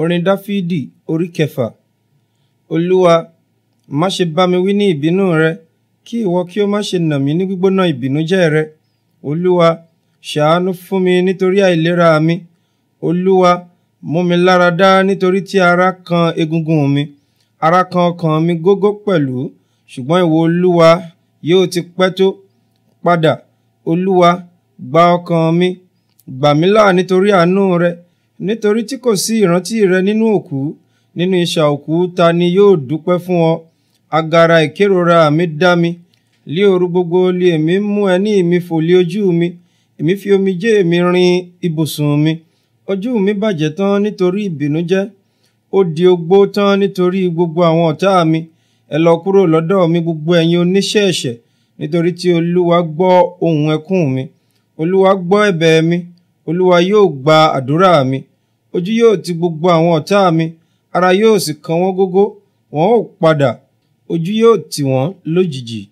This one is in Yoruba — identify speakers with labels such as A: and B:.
A: orin dáfídì orí kẹfà olúwa má ṣe bá mi wí ní ìbínú rẹ kí ìwọ kí ó má ṣe nà mí ní gbígbóná ìbínújẹ́ rẹ olúwa ṣàánú fún mi nítorí àìlera mi olúwa mú mi lára dá nítorí tí ara kan egungun mi ara kan ọkàn mi gógó pẹ̀lú ṣùgbọ́n ìwọ olúwa yóò ti pẹ́ tó padà olúwa gba ọkàn mi gbà mí là nítorí àánú rẹ nítorí tí kò sí ìrántí rẹ nínú òkú nínú isà òkú ta ni yóò dúpẹ́ fún ọ agara ìkérora mi dá mi lí òru gbogbo lí èmi mú ẹní mi fò lí ojú mi èmi fi omijé mi rin ibùsùn mi ojú mi bàjẹ́ tán nítorí ìbìnújẹ́ ó di ogbó tán nítorí gbogbo àwọn ọ̀tá mi ẹ lọ kúrò lọ́dọ̀ mi gbogbo ẹ̀yin oníṣẹ́ ẹ̀ṣẹ̀ nítorí tí olúwa gbọ́ ohùn ẹkún mi olúwa gbọ́ ẹ̀bẹ̀ mi olúwa yóò gba àdúrà mi ojú yóò ti gbogbo àwọn ọ̀tá mi ara yóò sì kan wọ́n gógó wọn ó padà ojú yóò
B: tì wọ́n lójijì